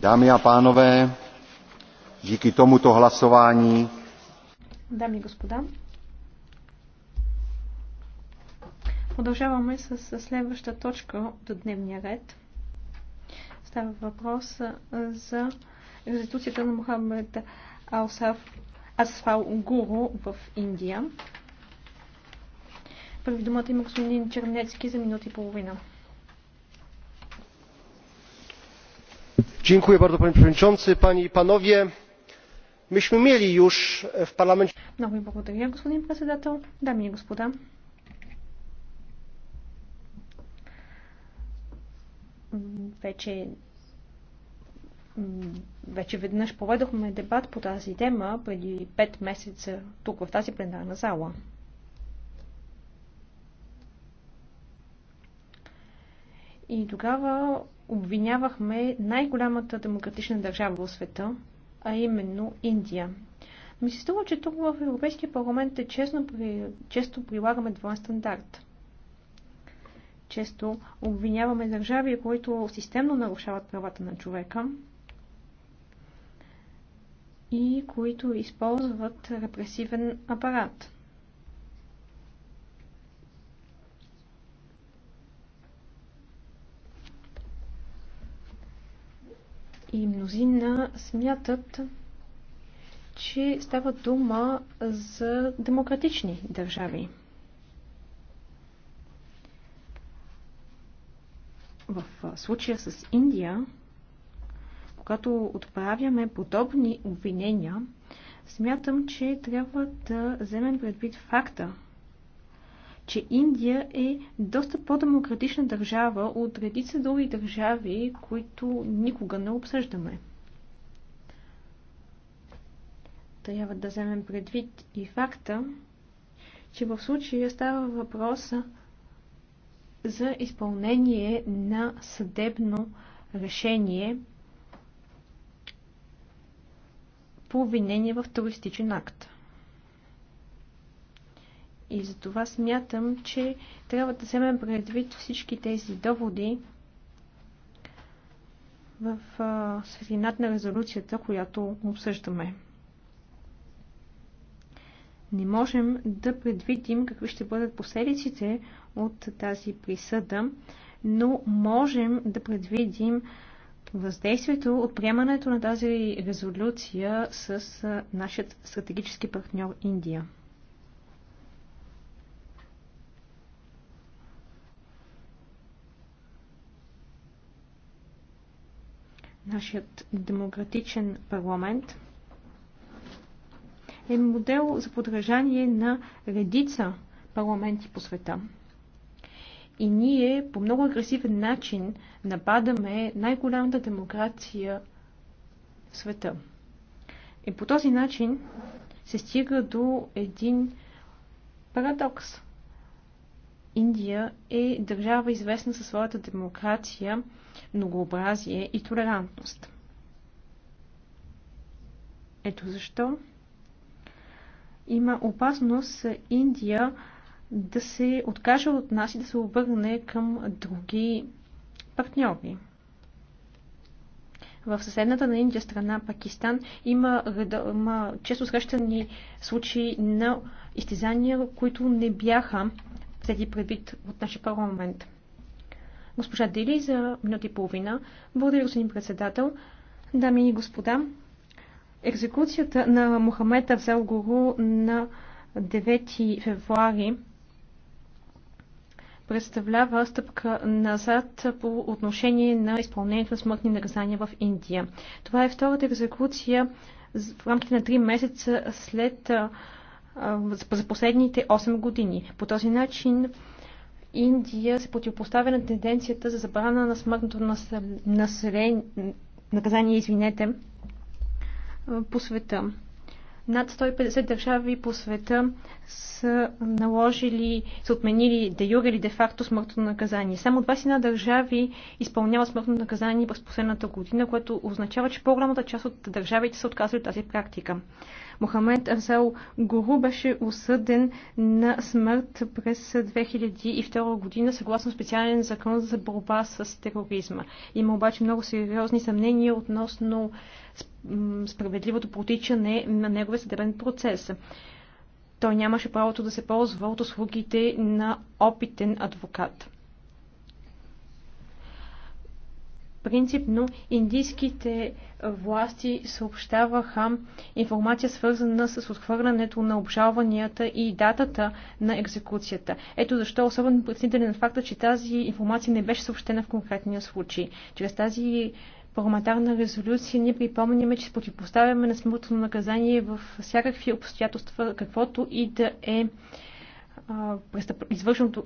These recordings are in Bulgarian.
Dámy a pánové, díky tomuto hlasování. Dámy господа, продължаваме с следваща точка до дневния ред. Става въпрос за екзекуцията на Мохамед Алсаф Асфал Гуру в Индия. Първи думата има господин Чернецки за минута и половина. panie przewodniczący! panie i panowie! myśmy mieli już w parlamencie. вече веднъж поведохме дебат по тази тема преди пет месеца тук в тази пленарна зала. И тогава обвинявахме най-голямата демократична държава в света, а именно Индия. Ми се струва, че тук в Европейския парламент е честно, често прилагаме двоен стандарт. Често обвиняваме държави, които системно нарушават правата на човека и които използват репресивен апарат. и мнозина смятат, че става дума за демократични държави. В случая с Индия, когато отправяме подобни обвинения, смятам, че трябва да вземем предвид факта, че Индия е доста по-демократична държава от редица други държави, които никога не обсъждаме. Трябва да вземем предвид и факта, че в случая става въпроса за изпълнение на съдебно решение по обвинение в туристичен акт. И за това смятам, че трябва да вземем предвид всички тези доводи в светлината на резолюцията, която обсъждаме. Не можем да предвидим какви ще бъдат последиците от тази присъда, но можем да предвидим въздействието от приемането на тази резолюция с нашият стратегически партньор Индия. Нашият демократичен парламент е модел за подражание на редица парламенти по света. И ние по много агресивен начин нападаме най-голямата демокрация в света. И по този начин се стига до един парадокс. Индия е държава известна със своята демокрация, многообразие и толерантност. Ето защо има опасност Индия да се откаже от нас и да се обърне към други партньори. В съседната на Индия страна, Пакистан, има, има често срещани случаи на изтезания, които не бяха взети предвид от нашия парламент. Госпожа Дили, за минути и половина. Благодаря, господин председател. Дами и господа, екзекуцията на Мохамед Авзел Гуру на 9 февруари представлява стъпка назад по отношение на изпълнението на смъртни наказания в Индия. Това е втората екзекуция в рамките на 3 месеца след за последните 8 години. По този начин Индия се противопоставя на тенденцията за забрана на смъртното население, наказание, извинете, по света. Над 150 държави по света са наложили, са отменили де юре или де факто смъртно наказание. Само 21 държави изпълняват смъртно наказание през последната година, което означава, че по-голямата част от държавите са отказали тази практика. Мохамед Арзал Гуру беше осъден на смърт през 2002 година съгласно специален закон за борба с тероризма. Има обаче много сериозни съмнения относно справедливото протичане на неговия съдебен процес. Той нямаше правото да се ползва от услугите на опитен адвокат. Принципно индийските власти съобщаваха информация свързана с отхвърлянето на обжалванията и датата на екзекуцията. Ето защо особено на е факта, че тази информация не беше съобщена в конкретния случай. Чрез тази парламентарна резолюция ние припомняме, че противопоставяме на смъртно наказание в всякакви обстоятелства, каквото и да е престъп, извършеното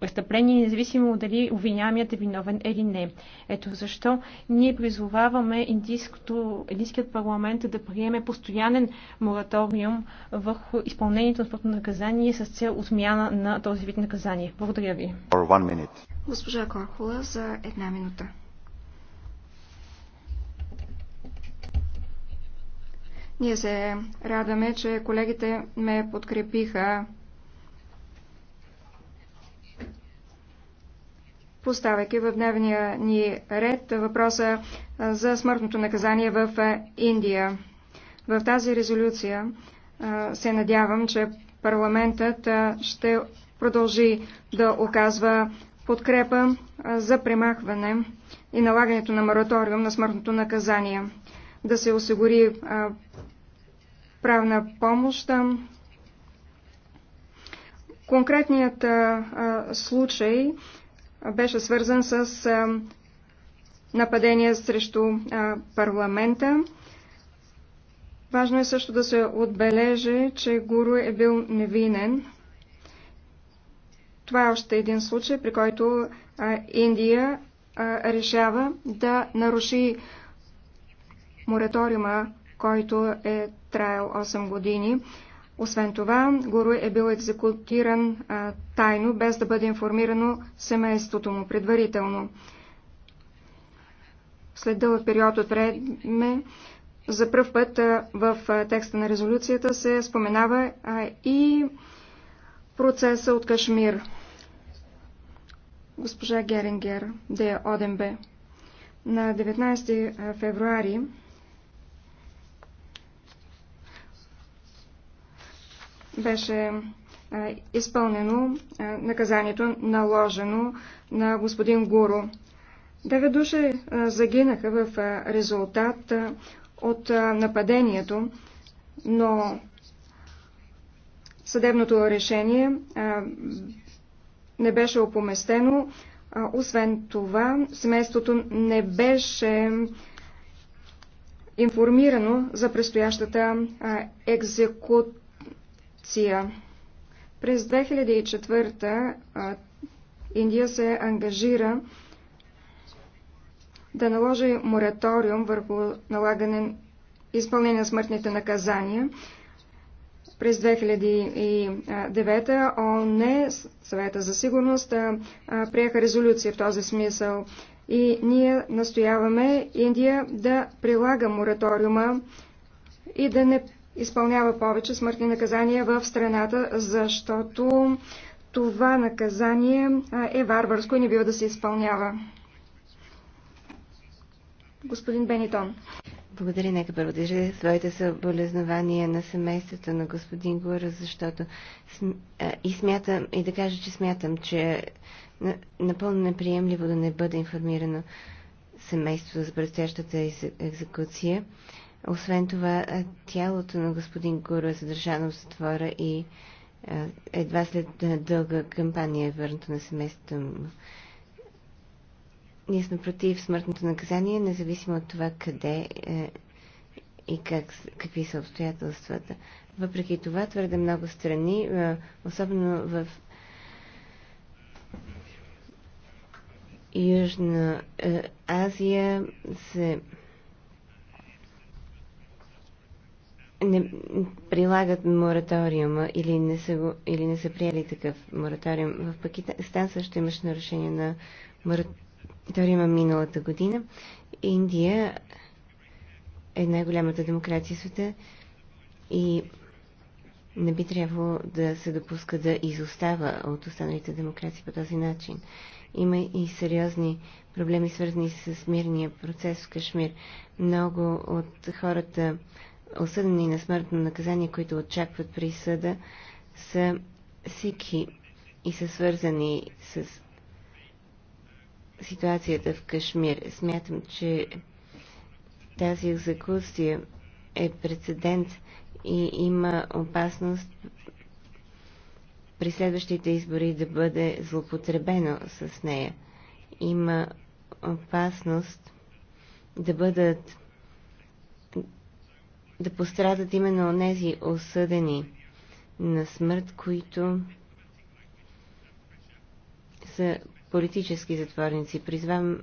престъпление, независимо дали обвиняемият е виновен или не. Ето защо ние призоваваме индийският парламент да приеме постоянен мораториум върху изпълнението на спортно наказание с цел отмяна на този вид наказание. Благодаря ви. Госпожа Корхола за една минута. Ние се радваме, че колегите ме подкрепиха поставяйки в дневния ни ред въпроса за смъртното наказание в Индия. В тази резолюция се надявам, че парламентът ще продължи да оказва подкрепа за премахване и налагането на мораториум на смъртното наказание, да се осигури правна помощ. Конкретният случай беше свързан с нападение срещу парламента. Важно е също да се отбележи, че Гуру е бил невинен. Това е още един случай, при който Индия решава да наруши мораториума, който е траял 8 години. Освен това, Гуру е бил екзекутиран а, тайно, без да бъде информирано семейството му предварително. След дълъг период от време, за пръв път а, в а, текста на резолюцията се споменава а, и процеса от Кашмир. Госпожа Герингер, Де Оденбе. На 19 февруари беше е, изпълнено е, наказанието наложено на господин Гуру. Девет души е, загинаха в резултат от нападението, но съдебното решение не беше опоместено. Освен това, семейството не беше информирано за предстоящата екзекут корупция. През 2004 Индия се ангажира да наложи мораториум върху налагане изпълнение на смъртните наказания. През 2009 ООН, съвета за сигурност, приеха резолюция в този смисъл и ние настояваме Индия да прилага мораториума и да не изпълнява повече смъртни наказания в страната, защото това наказание е варварско и не бива да се изпълнява. Господин Бенитон. Благодаря. Нека първо да своите съболезнования на семейството на господин Гора, защото и смятам, и да кажа, че смятам, че е напълно неприемливо да не бъде информирано семейството за предстоящата екзекуция. Освен това, е, тялото на господин Гуру е задържано в затвора и е, едва след е, дълга кампания е върнато на семейството му. Ние сме против смъртното наказание, независимо от това къде е, и как, какви са обстоятелствата. Въпреки това, твърде много страни, особено в Южна Азия, се не прилагат мораториума или не са, го, или не са приели такъв мораториум. В Пакистан също имаше нарушение на мораториума миналата година. Индия е най-голямата демокрация в света и не би трябвало да се допуска да изостава от останалите демокрации по този начин. Има и сериозни проблеми, свързани с мирния процес в Кашмир. Много от хората осъдени на смъртно наказание, които очакват присъда, са сикхи и са свързани с ситуацията в Кашмир. Смятам, че тази екзекуция е прецедент и има опасност при следващите избори да бъде злопотребено с нея. Има опасност да бъдат да пострадат именно тези осъдени на смърт, които са политически затворници. Призвам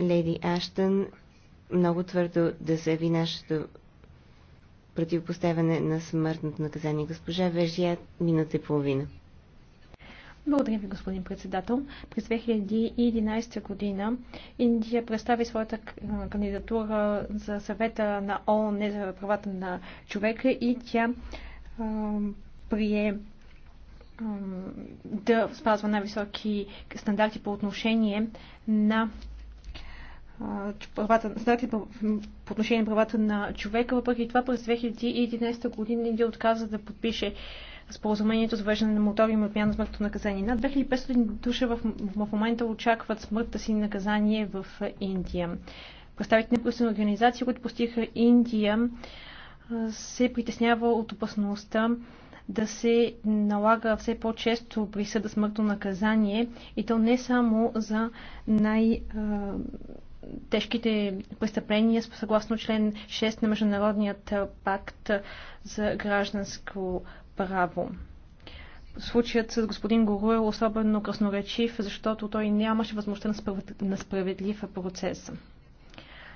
Леди Аштън много твърдо да заяви нашето противопоставяне на смъртното наказание. Госпожа Вежия, минута и половина. Благодаря ви, господин председател. През 2011 година Индия представи своята кандидатура за съвета на ООН за правата на човека и тя а, прие а, да спазва най-високи стандарти по отношение на правата, по отношение на правата на човека. Въпреки това през 2011 година Индия отказа да подпише споразумението за въвеждане на мораториум и отмяна на смъртното наказание. Над 2500 души в, в момента очакват смъртта си наказание в Индия. Представителите на организации, които постиха Индия, се притеснява от опасността да се налага все по-често присъда смъртно наказание и то не само за най- тежките престъпления съгласно член 6 на Международният пакт за гражданско право. Случаят с господин Гору е особено красноречив, защото той нямаше възможността на справедлив процес.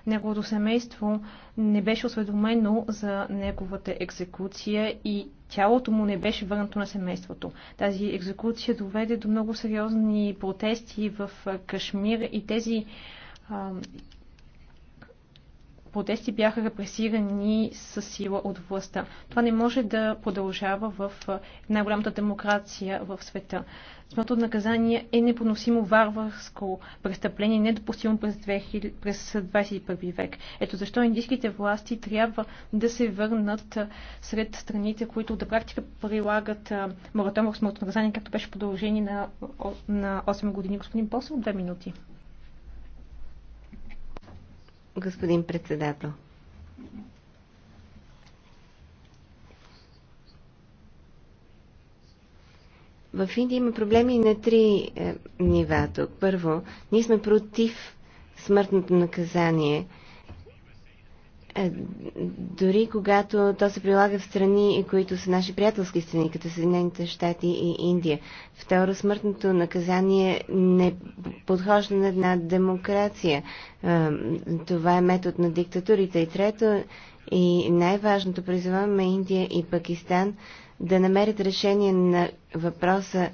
Неговото семейство не беше осведомено за неговата екзекуция и тялото му не беше върнато на семейството. Тази екзекуция доведе до много сериозни протести в Кашмир и тези протести бяха репресирани с сила от властта. Това не може да продължава в най-голямата демокрация в света. Смъртното наказание е непоносимо варварско престъпление, недопустимо през, 2000, през 21 век. Ето защо индийските власти трябва да се върнат сред страните, които да практика прилагат мораториум в смъртно наказание, както беше продължение на, на 8 години. Господин Посъл, 2 минути господин председател. В Индия има проблеми на три е, нива тук. Първо, ние сме против смъртното наказание е, дори когато то се прилага в страни, които са наши приятелски страни, като Съединените щати и Индия. Второ, смъртното наказание не подхожда на една демокрация. Е, това е метод на диктатурите. И трето, и най-важното, призоваваме Индия и Пакистан да намерят решение на въпроса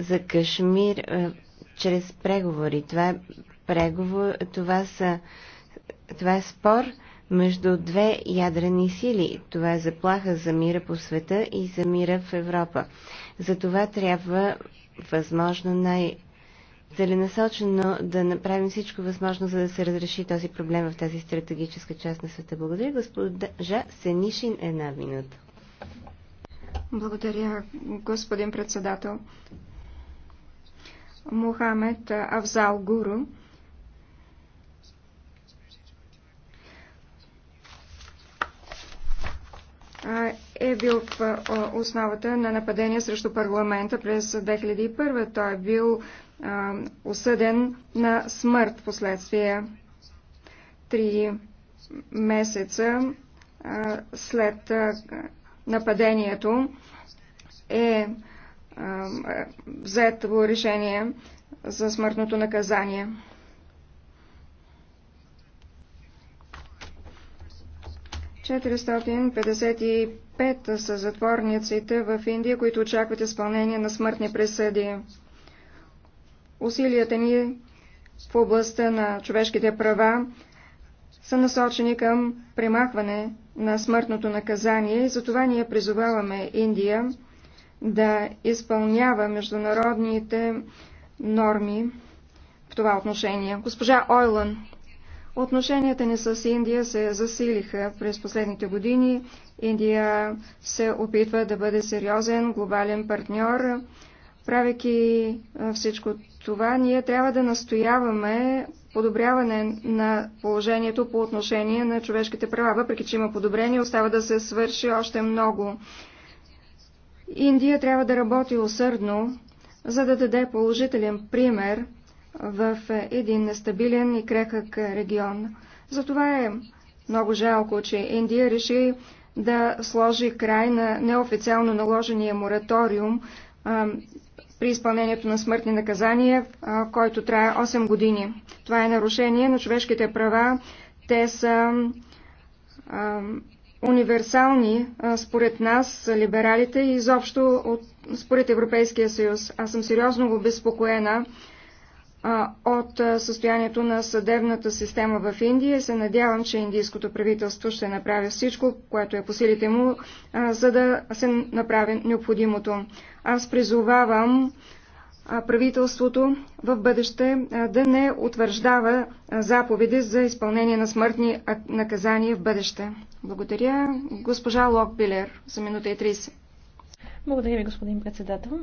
за Кашмир е, чрез преговори. Това, е преговор, това са това е спор между две ядрени сили. Това е заплаха за мира по света и за мира в Европа. За това трябва възможно най- целенасочено да направим всичко възможно, за да се разреши този проблем в тази стратегическа част на света. Благодаря, госпожа Сенишин, една минута. Благодаря, господин председател. Мохамед Авзал Гуру е бил в основата на нападение срещу парламента през 2001. Той е бил осъден на смърт в последствие. Три месеца след нападението е взето решение за смъртното наказание. 455 са затворниците в Индия, които очакват изпълнение на смъртни присъди. Усилията ни в областта на човешките права са насочени към премахване на смъртното наказание и затова ние призоваваме Индия да изпълнява международните норми в това отношение. Госпожа Ойлан. Отношенията ни с Индия се засилиха през последните години. Индия се опитва да бъде сериозен глобален партньор. Правейки всичко това, ние трябва да настояваме подобряване на положението по отношение на човешките права. Въпреки, че има подобрение, остава да се свърши още много. Индия трябва да работи усърдно, за да даде положителен пример – в един нестабилен и крехък регион. Затова е много жалко, че Индия реши да сложи край на неофициално наложения мораториум а, при изпълнението на смъртни наказания, а, който трае 8 години. Това е нарушение на човешките права. Те са а, универсални а, според нас, либералите и изобщо от, според Европейския съюз. Аз съм сериозно обезпокоена. безпокоена от състоянието на съдебната система в Индия. Се надявам, че индийското правителство ще направи всичко, което е по силите му, за да се направи необходимото. Аз призовавам правителството в бъдеще да не утвърждава заповеди за изпълнение на смъртни наказания в бъдеще. Благодаря. Госпожа Локбилер за минута и 30. Благодаря ви, господин председател.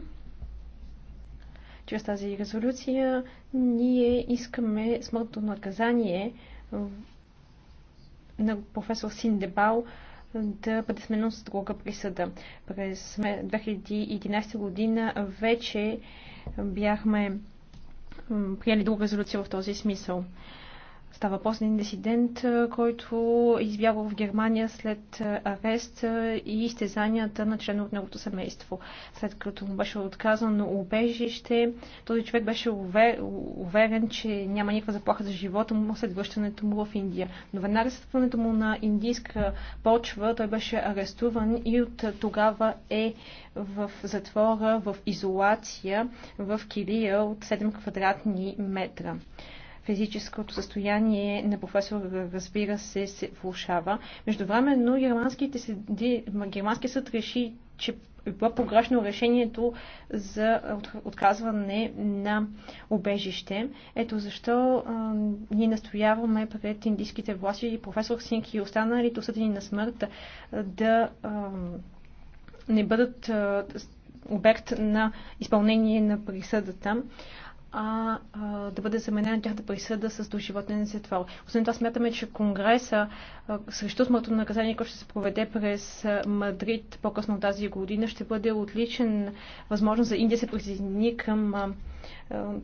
Чрез тази резолюция ние искаме смъртно наказание на професор Синдебал да бъде сменено с друга присъда. През 2011 година вече бяхме приели друга резолюция в този смисъл. Става после за един дисидент, който е избягал в Германия след арест и изтезанията на членове от неговото семейство. След като му беше отказано убежище, този човек беше увер... уверен, че няма никаква заплаха за живота му след връщането му в Индия. Но веднага след връщането му на индийска почва, той беше арестуван и от тогава е в затвора, в изолация, в килия от 7 квадратни метра физическото състояние на професор разбира се, се влушава. Междувременно германските съди, германски съд реши, че е било погрешно решението за отказване на обежище. Ето защо а, ние настояваме пред индийските власти и професор Синки и останалите осъдени на смърт да а, не бъдат а, обект на изпълнение на присъдата а, а да бъде заменена тяхната да присъда с доживотен затвор. Освен това смятаме, че Конгреса а, срещу смъртно наказание, който ще се проведе през Мадрид по-късно тази година, ще бъде отличен възможност за Индия се присъедини към а,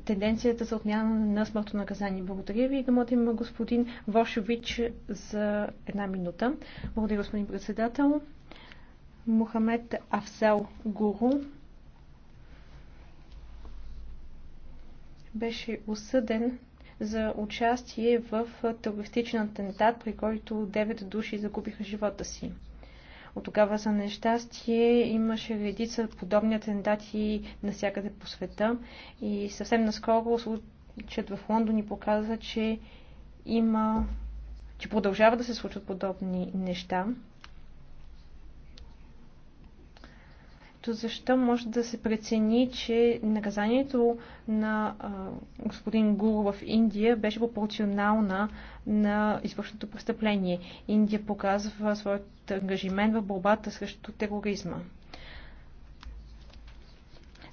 тенденцията за отмяна на смъртно наказание. Благодаря ви да мотим господин Вошович за една минута. Благодаря, господин председател. Мухамед Афсел Гуру беше осъден за участие в терористичен атентат, при който 9 души загубиха живота си. От тогава за нещастие имаше редица подобни атентати навсякъде по света и съвсем наскоро случат в Лондон ни показа, че има, че продължава да се случват подобни неща. Ето защо може да се прецени, че наказанието на а, господин Гуру в Индия беше пропорционална на извършеното престъпление. Индия показва своят ангажимент в борбата срещу тероризма.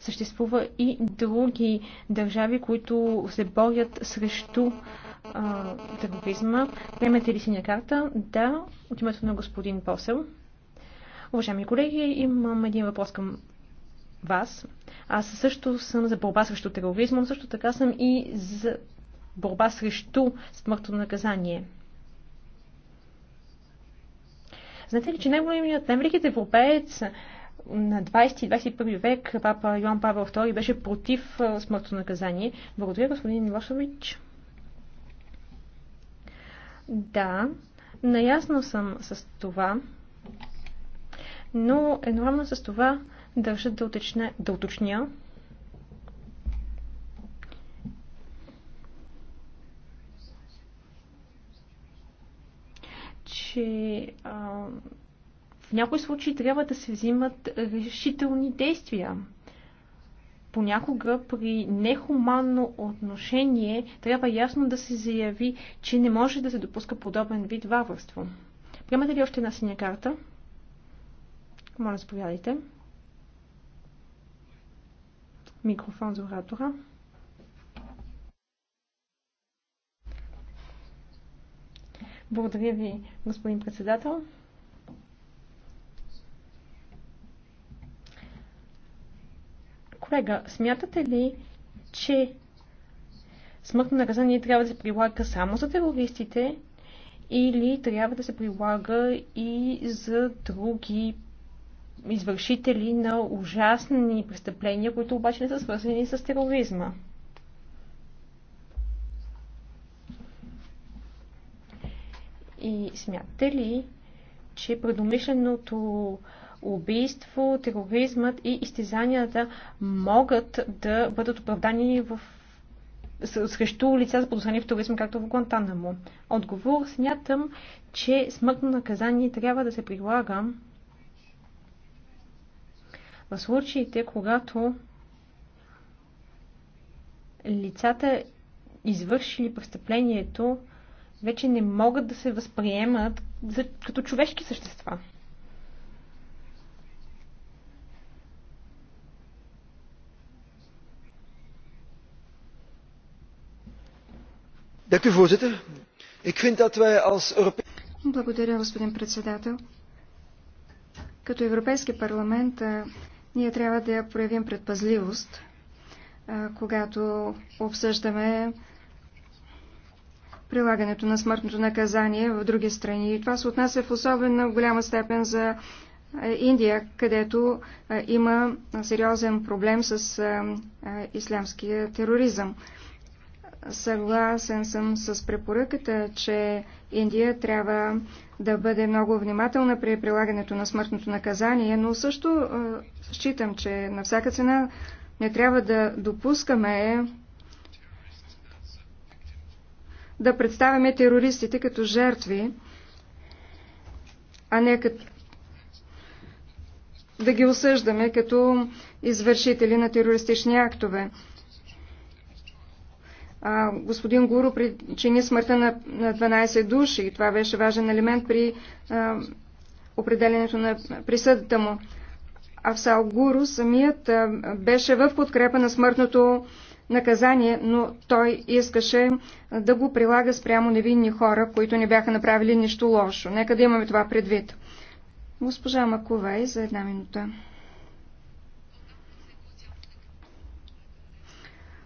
Съществува и други държави, които се борят срещу а, тероризма. Приемете ли синя карта? Да, от името на господин Посел. Уважаеми колеги, имам един въпрос към вас. Аз също съм за борба срещу тероризма, но също така съм и за борба срещу смъртно наказание. Знаете ли, че най-големият, най-великият европеец на 20-21 век, папа Йоан Павел II, беше против смъртно наказание. Благодаря, господин Милошович. Да, наясно съм с това но едновременно с това държа да уточня, да уточня че а, в някои случаи трябва да се взимат решителни действия. Понякога при нехуманно отношение трябва ясно да се заяви, че не може да се допуска подобен вид варварство. Приемате ли още една синя карта? Моля, заповядайте. Микрофон за оратора. Благодаря ви, господин председател. Колега, смятате ли, че смъртно наказание трябва да се прилага само за терористите или трябва да се прилага и за други извършители на ужасни престъпления, които обаче не са свързани с тероризма. И смятате ли, че предумишленото убийство, тероризмът и изтезанията могат да бъдат оправдани в срещу лица за подозрение в туризъм, както в Гуантанамо. Отговор смятам, че смъртно наказание трябва да се прилага в случаите, когато лицата, извършили престъплението, вече не могат да се възприемат за, като човешки същества. Благодаря, господин председател. Като Европейски парламент ние трябва да проявим предпазливост, когато обсъждаме прилагането на смъртното наказание в други страни. И това се отнася в особено голяма степен за Индия, където има сериозен проблем с ислямския тероризъм. Съгласен съм с препоръката, че Индия трябва да бъде много внимателна при прилагането на смъртното наказание, но също считам, че на всяка цена не трябва да допускаме да представяме терористите като жертви, а не като да ги осъждаме като извършители на терористични актове а, господин Гуру причини смъртта на, на 12 души и това беше важен елемент при а, определенето на присъдата му. Авсал Гуру самият а, беше в подкрепа на смъртното наказание, но той искаше да го прилага спрямо невинни хора, които не бяха направили нищо лошо. Нека да имаме това предвид. Госпожа Макувай за една минута.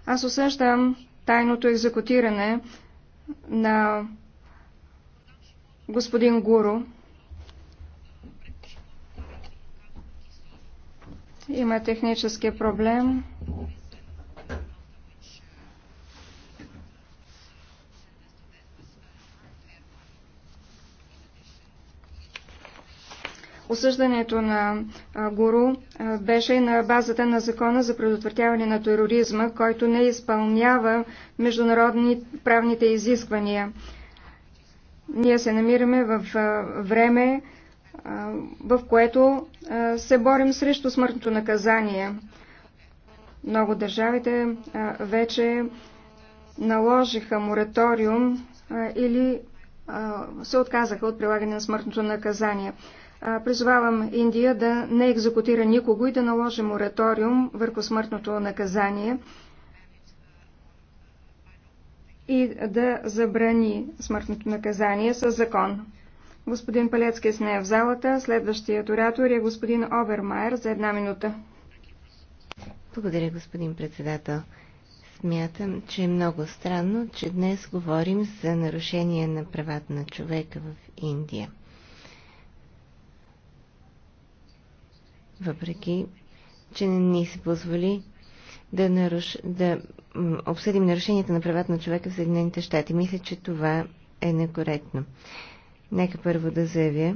Аз усещам тайното екзекутиране на господин Гуру. Има технически проблем. Осъждането на Гуру беше на базата на закона за предотвратяване на тероризма, който не изпълнява международни правните изисквания. Ние се намираме в време, в което се борим срещу смъртното наказание. Много държавите вече наложиха мораториум или се отказаха от прилагане на смъртното наказание. Призовавам Индия да не екзекутира никого и да наложи мораториум върху смъртното наказание и да забрани смъртното наказание със закон. Господин Палецки с нея е в залата. Следващият оратор е господин Овермайер за една минута. Благодаря, господин председател. Смятам, че е много странно, че днес говорим за нарушение на правата на човека в Индия. въпреки че не ни се позволи да, наруш... да обсъдим нарушенията на правата на човека в Съединените щати. Мисля, че това е некоректно. Нека първо да заявя,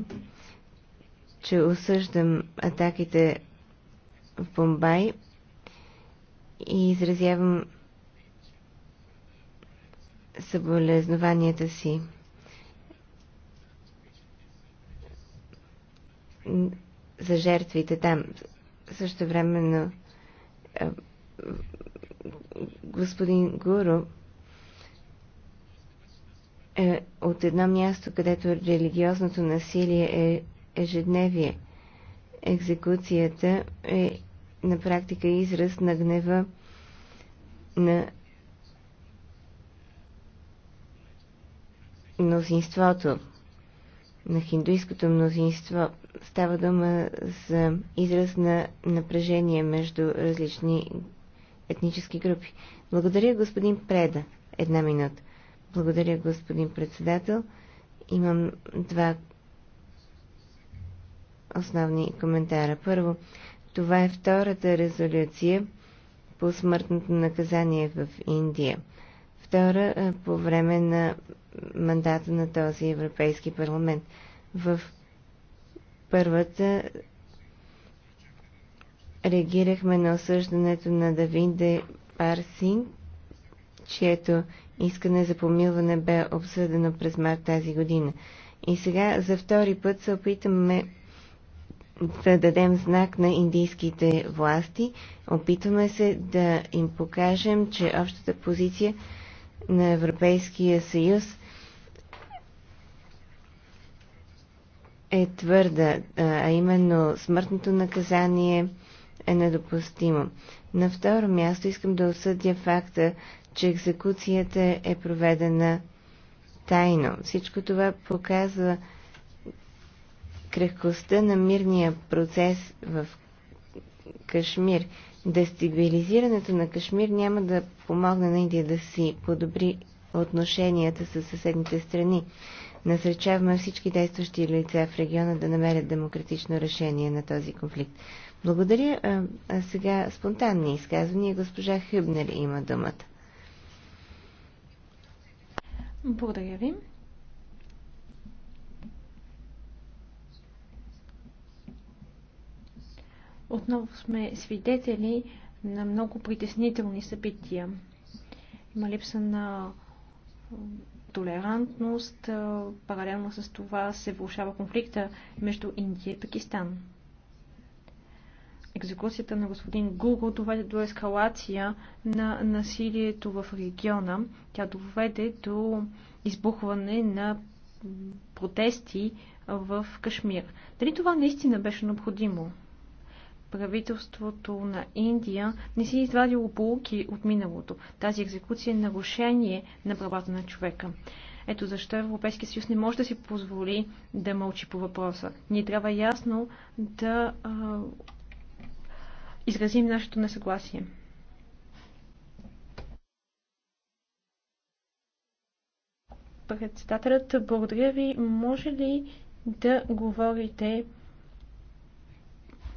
че осъждам атаките в Бомбай и изразявам съболезнованията си за жертвите там. Също времено е, господин Гуру е от едно място, където религиозното насилие е ежедневие. Екзекуцията е на практика израз на гнева на мнозинството на хиндуистското мнозинство. Става дума за израз на напрежение между различни етнически групи. Благодаря, господин Преда. Една минута. Благодаря, господин председател. Имам два основни коментара. Първо, това е втората резолюция по смъртното наказание в Индия. Втора, по време на мандата на този Европейски парламент. В първата реагирахме на осъждането на Давинде Парсин, чието искане за помилване бе обсъдено през март тази година. И сега за втори път се опитаме да дадем знак на индийските власти. Опитваме се да им покажем, че общата позиция на Европейския съюз е твърда, а именно смъртното наказание е недопустимо. На второ място искам да осъдя факта, че екзекуцията е проведена тайно. Всичко това показва крехкостта на мирния процес в Кашмир. Дестабилизирането на Кашмир няма да помогне на Индия да си подобри отношенията с съседните страни. Насречаваме всички действащи лица в региона да намерят демократично решение на този конфликт. Благодаря. А сега спонтанни изказвания. Госпожа Хъбнер има думата. Благодаря ви. Отново сме свидетели на много притеснителни събития. Има липса на толерантност. Паралелно с това се влушава конфликта между Индия и Пакистан. Екзекуцията на господин Гуго доведе до ескалация на насилието в региона. Тя доведе до избухване на протести в Кашмир. Дали това наистина беше необходимо? правителството на Индия не си е извадило полуки от миналото. Тази екзекуция е нарушение на правата на човека. Ето защо Европейския съюз не може да си позволи да мълчи по въпроса. Ние трябва ясно да а, изразим нашето несъгласие. Председателят, благодаря ви. Може ли да говорите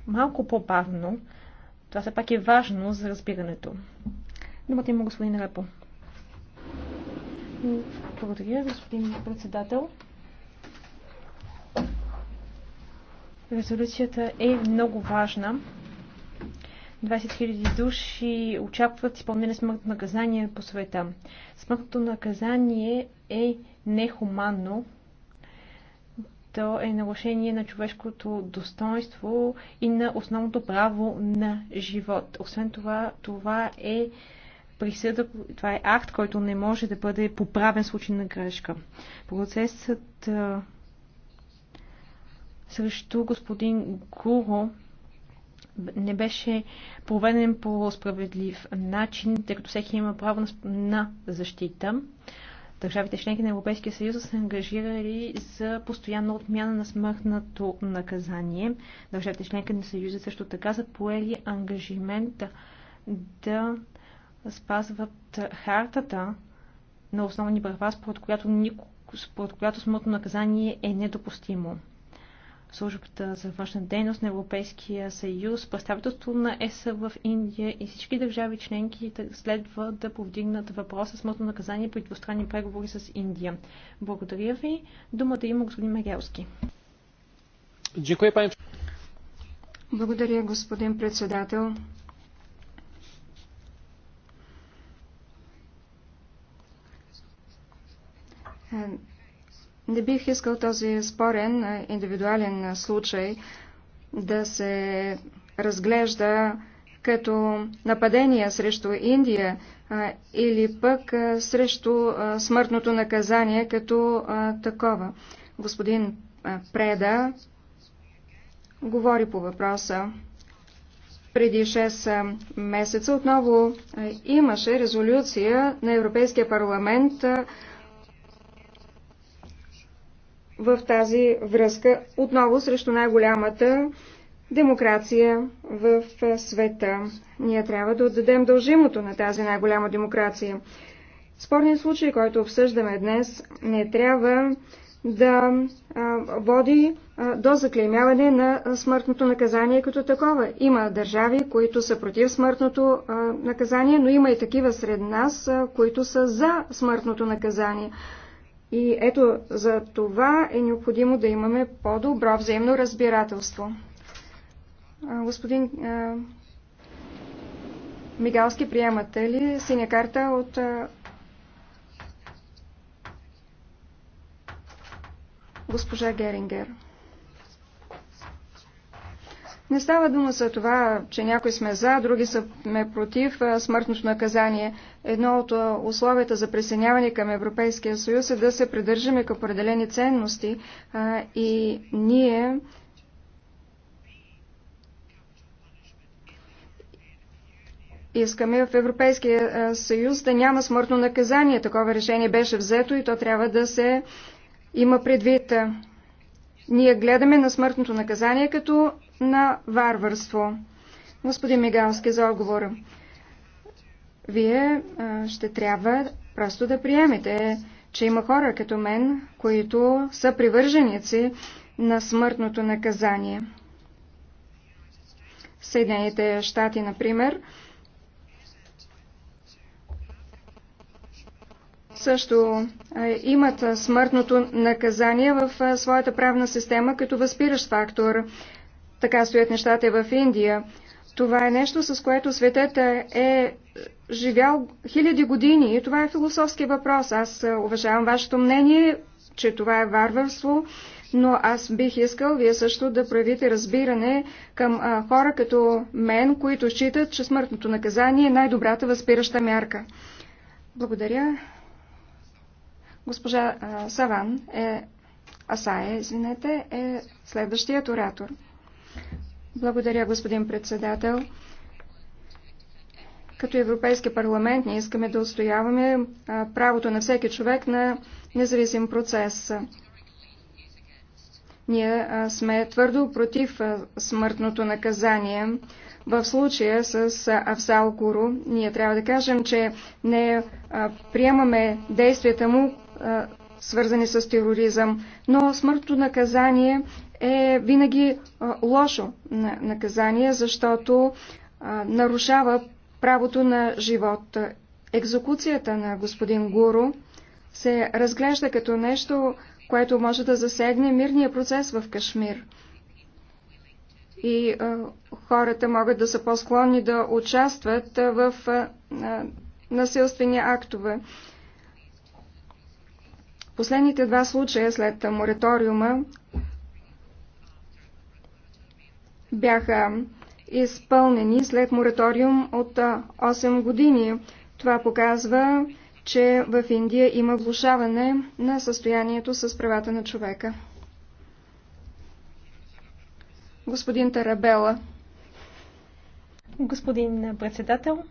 малко по-бавно. Това все пак е важно за разбирането. Думата има господин Репо. Благодаря, господин председател. Резолюцията е много важна. 20 000 души очакват изпълнение на смъртно наказание по света. Смъртното наказание е нехуманно то е нарушение на човешкото достоинство и на основното право на живот. Освен това, това е присъда, това е акт, който не може да бъде поправен случай на грешка. Процесът а, срещу господин Гуро не беше проведен по справедлив начин, тъй като всеки има право на защита. Държавите членки на Европейския съюз са ангажирали за постоянна отмяна на смъртното наказание. Държавите членки на съюза също така са поели ангажимент да спазват хартата на основни права, според която, нико, според която смъртно наказание е недопустимо службата за външна дейност на Европейския съюз, представителство на ЕС в Индия и всички държави членки следва да повдигнат въпроса смъртно наказание при двустранни преговори с Индия. Благодаря ви. Думата да има господин Мегелски. Благодаря, господин председател. And не бих искал този спорен индивидуален случай да се разглежда като нападение срещу Индия а, или пък а, срещу а, смъртното наказание като а, такова. Господин а, Преда говори по въпроса. Преди 6 месеца отново имаше резолюция на Европейския парламент а, в тази връзка отново срещу най-голямата демокрация в е, света. Ние трябва да отдадем дължимото на тази най-голяма демокрация. Спорният случай, който обсъждаме днес, не трябва да е, води е, до заклеймяване на смъртното наказание като такова. Има държави, които са против смъртното наказание, но има и такива сред нас, които са за смъртното наказание. И ето за това е необходимо да имаме по-добро взаимно разбирателство. Господин Мигалски, приемате ли синя карта от госпожа Герингер? Не става дума за това, че някои сме за, други сме против смъртното наказание. Едно от условията за присъединяване към Европейския съюз е да се придържаме към определени ценности а, и ние искаме в Европейския съюз да няма смъртно наказание. Такова решение беше взето и то трябва да се има предвид. Ние гледаме на смъртното наказание като на варварство. Господин Мигалски за отговор. Вие а, ще трябва просто да приемете, че има хора като мен, които са привърженици на смъртното наказание. Съединените щати, например, също имат смъртното наказание в своята правна система като възпиращ фактор. Така стоят нещата в Индия. Това е нещо, с което светът е живял хиляди години и това е философски въпрос. Аз уважавам вашето мнение, че това е варварство, но аз бих искал вие също да проявите разбиране към а, хора като мен, които считат, че смъртното наказание е най-добрата възпираща мярка. Благодаря. Госпожа а, Саван е Асая, извинете, е следващият оратор. Благодаря, господин председател. Като Европейски парламент ние искаме да устояваме правото на всеки човек на независим процес. Ние сме твърдо против смъртното наказание. В случая с Авсал Куру, ние трябва да кажем, че не приемаме действията му свързани с тероризъм, но смъртното наказание е винаги лошо наказание, защото нарушава правото на живот. Екзекуцията на господин Гуру се разглежда като нещо, което може да засегне мирния процес в Кашмир. И а, хората могат да са по-склонни да участват в а, насилствени актове. Последните два случая след мораториума бяха изпълнени след мораториум от 8 години. Това показва, че в Индия има влушаване на състоянието с правата на човека. Господин Тарабела. Господин председател,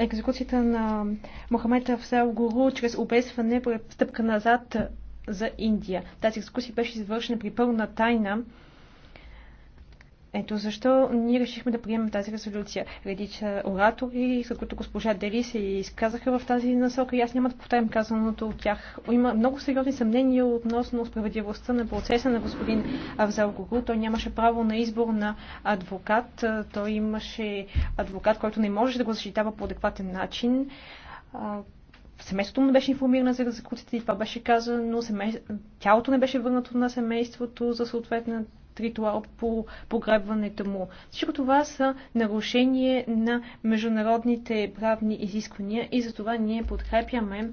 екзекуцията на Мохамед Афсал Гуру чрез обесване, стъпка назад за Индия. Тази екзекуция беше извършена при пълна тайна ето защо ние решихме да приемем тази резолюция. Редица оратори, след които госпожа Дели се изказаха в тази насока и аз няма да повтарям казаното от тях. Има много сериозни съмнения относно справедливостта на процеса на господин Авзал Гуру. Той нямаше право на избор на адвокат. Той имаше адвокат, който не можеше да го защитава по адекватен начин. Семейството му беше информирано за закрутите и това беше казано. Семей... Тялото не беше върнато на семейството за съответната ритуал по погребването му. Всичко това са нарушение на международните правни изисквания и затова ние подкрепяме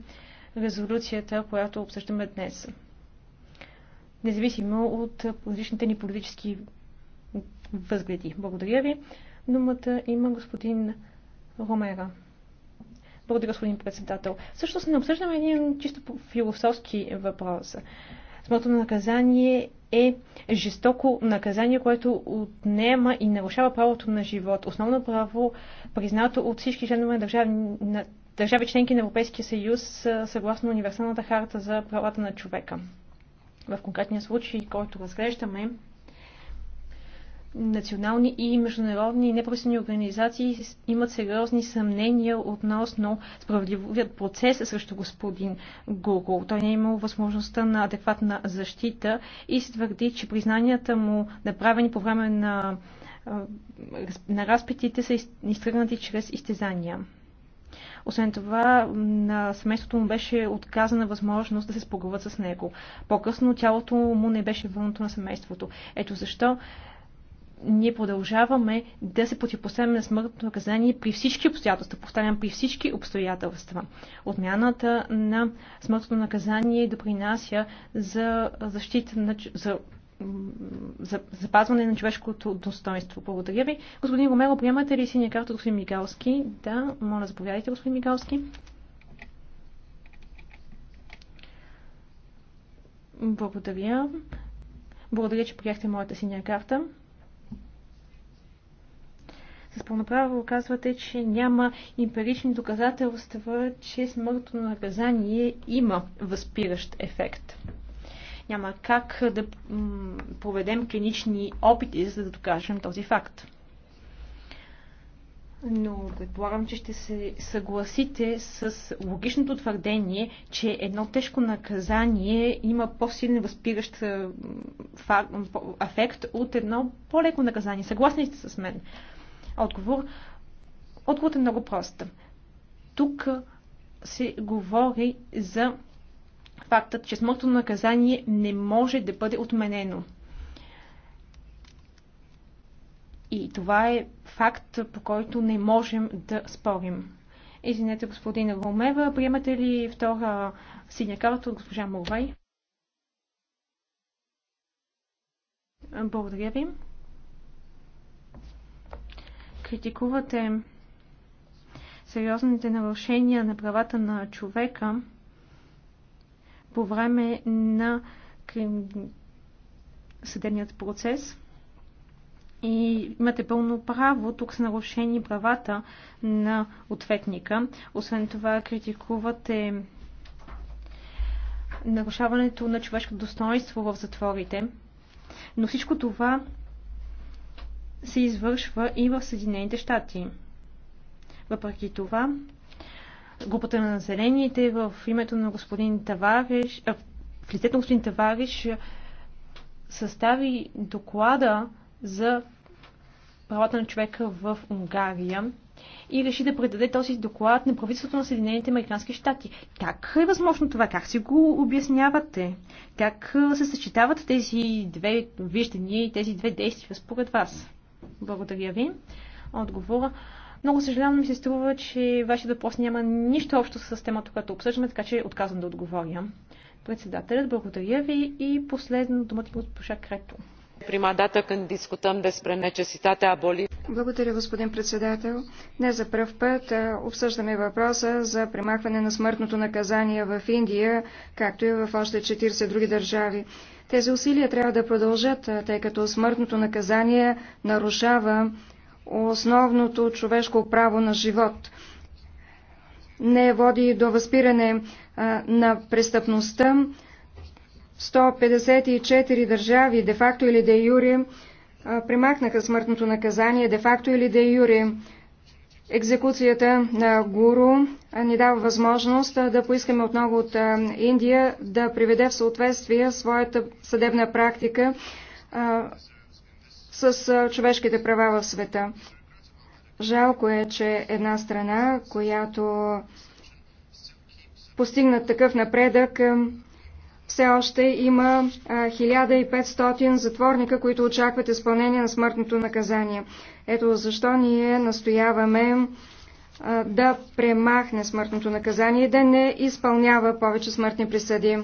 резолюцията, която обсъждаме днес. Независимо от различните ни политически възгледи. Благодаря ви. Думата има господин Ромера. Благодаря, господин председател. се не обсъждаме един чисто философски въпрос. Смъртно наказание е жестоко наказание, което отнема и нарушава правото на живот. Основно право, признато от всички членове на, държави, на държави членки на Европейския съюз, съгласно Универсалната харта за правата на човека. В конкретния случай, който разглеждаме, национални и международни непрофесионални организации имат сериозни съмнения относно справедливият процес срещу господин Гуру. Той не е имал възможността на адекватна защита и се твърди, че признанията му, направени по време на, на разпитите, са изтръгнати чрез изтезания. Освен това, на семейството му беше отказана възможност да се спогуват с него. По-късно тялото му не беше върнато на семейството. Ето защо ние продължаваме да се противопоставяме на смъртното наказание при всички обстоятелства, повтарям, при всички обстоятелства. Отмяната на смъртното наказание допринася за защита на, за за запазване на човешкото достоинство. Благодаря ви. Господин Ромеро, приемате ли синия карта господин Мигалски? Да, моля, заповядайте, господин Мигалски. Благодаря. Благодаря, че приехте моята синя карта. С пълноправо казвате, че няма имперични доказателства, че смъртно наказание има възпиращ ефект. Няма как да проведем клинични опити, за да докажем този факт. Но предполагам, че ще се съгласите с логичното твърдение, че едно тежко наказание има по-силен възпиращ ефект от едно по-леко наказание. Съгласни сте с мен? отговор? Отговорът е много прост. Тук се говори за фактът, че смъртното наказание не може да бъде отменено. И това е факт, по който не можем да спорим. Извинете, господин Ромева, приемате ли втора синя карта от госпожа Мурвай? Благодаря ви критикувате сериозните нарушения на правата на човека по време на съдебният процес. И имате пълно право, тук са нарушени правата на ответника. Освен това, критикувате нарушаването на човешко достоинство в затворите. Но всичко това се извършва и в Съединените щати. Въпреки това, групата на населените в името на господин Тавариш, а, в лицето на господин Тавариш състави доклада за правата на човека в Унгария и реши да предаде този доклад на правителството на Съединените Американски щати. Как е възможно това? Как си го обяснявате? Как се съчетават тези две виждания и тези две действия според вас? Благодаря ви. Отговора. Много съжалявам, ми се струва, че вашия въпрос няма нищо общо с темата, която обсъждаме, така че отказвам да отговоря. Председателят, благодаря ви и последно думата госпожа Крето. Примадата, dată дискутам, discutăm despre necesitatea благодаря, господин председател. Не за пръв път обсъждаме въпроса за премахване на смъртното наказание в Индия, както и в още 40 други държави. Тези усилия трябва да продължат, тъй като смъртното наказание нарушава основното човешко право на живот. Не води до възпиране на престъпността. 154 държави, де-факто или де юри, примахнаха смъртното наказание де-факто или де-юри. Екзекуцията на Гуру ни дава възможност да поискаме отново от Индия да приведе в съответствие своята съдебна практика с човешките права в света. Жалко е, че една страна, която постигна такъв напредък, все още има 1500 затворника, които очакват изпълнение на смъртното наказание. Ето защо ние настояваме да премахне смъртното наказание и да не изпълнява повече смъртни присъди.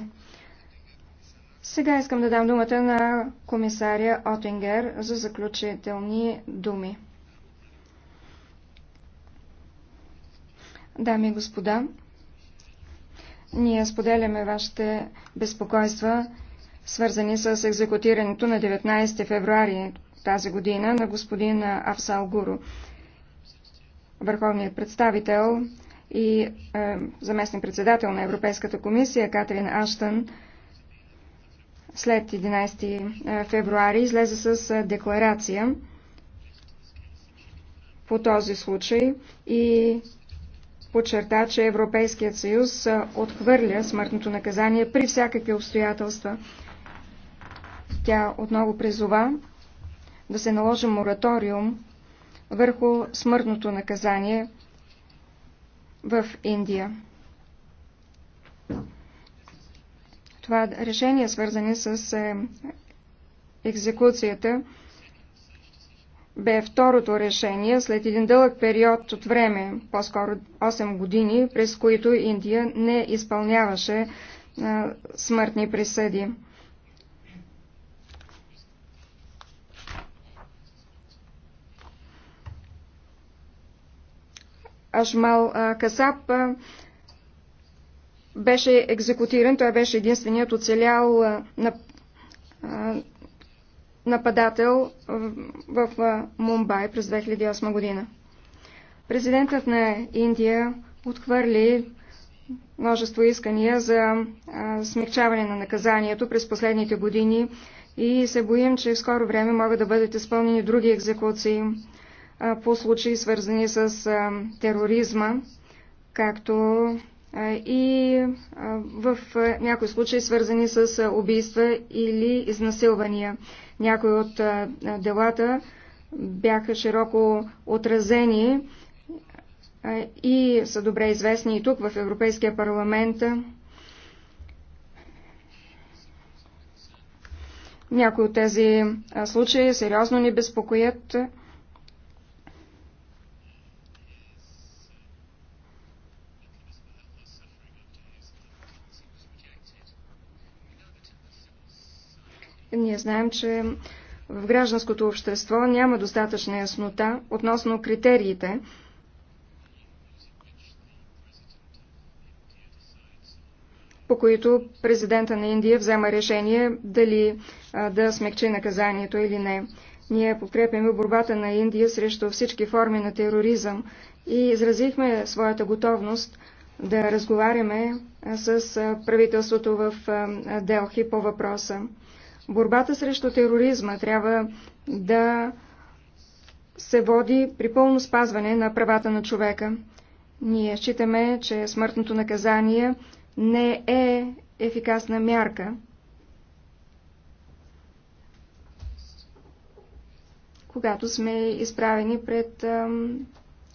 Сега искам да дам думата на комисаря Отингер за заключителни думи. Дами и господа, ние споделяме вашите безпокойства, свързани с екзекутирането на 19 февруари тази година на господин Афсал Гуру. Върховният представител и е, заместник председател на Европейската комисия Катрин Аштън след 11 е, февруари излезе с е, декларация по този случай и подчерта, че Европейският съюз отхвърля смъртното наказание при всякакви обстоятелства. Тя отново призова да се наложи мораториум върху смъртното наказание в Индия. Това решение, свързане с е, екзекуцията, бе второто решение след един дълъг период от време, по-скоро 8 години, през които Индия не изпълняваше а, смъртни присъди. Ашмал а, Касап а, беше екзекутиран. Той беше единственият оцелял а, на, а, нападател в Мумбай през 2008 година. Президентът на Индия отхвърли множество искания за смягчаване на наказанието през последните години и се боим, че в скоро време могат да бъдат изпълнени други екзекуции по случаи свързани с тероризма, както и в някои случаи свързани с убийства или изнасилвания. Някои от делата бяха широко отразени и са добре известни и тук в Европейския парламент. Някои от тези случаи сериозно ни безпокоят. Ние знаем, че в гражданското общество няма достатъчна яснота относно критериите, по които президента на Индия взема решение дали да смекчи наказанието или не. Ние подкрепяме борбата на Индия срещу всички форми на тероризъм и изразихме своята готовност да разговаряме с правителството в Делхи по въпроса. Борбата срещу тероризма трябва да се води при пълно спазване на правата на човека. Ние считаме, че смъртното наказание не е ефикасна мярка. когато сме изправени пред ам,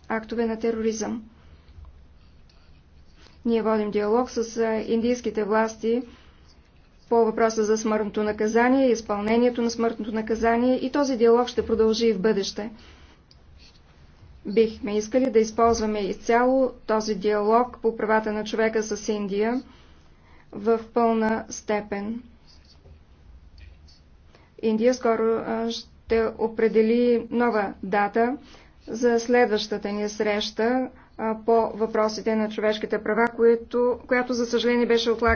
актове на тероризъм. Ние водим диалог с индийските власти по въпроса за смъртното наказание и изпълнението на смъртното наказание и този диалог ще продължи и в бъдеще. Бихме искали да използваме изцяло този диалог по правата на човека с Индия в пълна степен. Индия скоро ще определи нова дата за следващата ни среща по въпросите на човешките права, което, която за съжаление беше отлагана.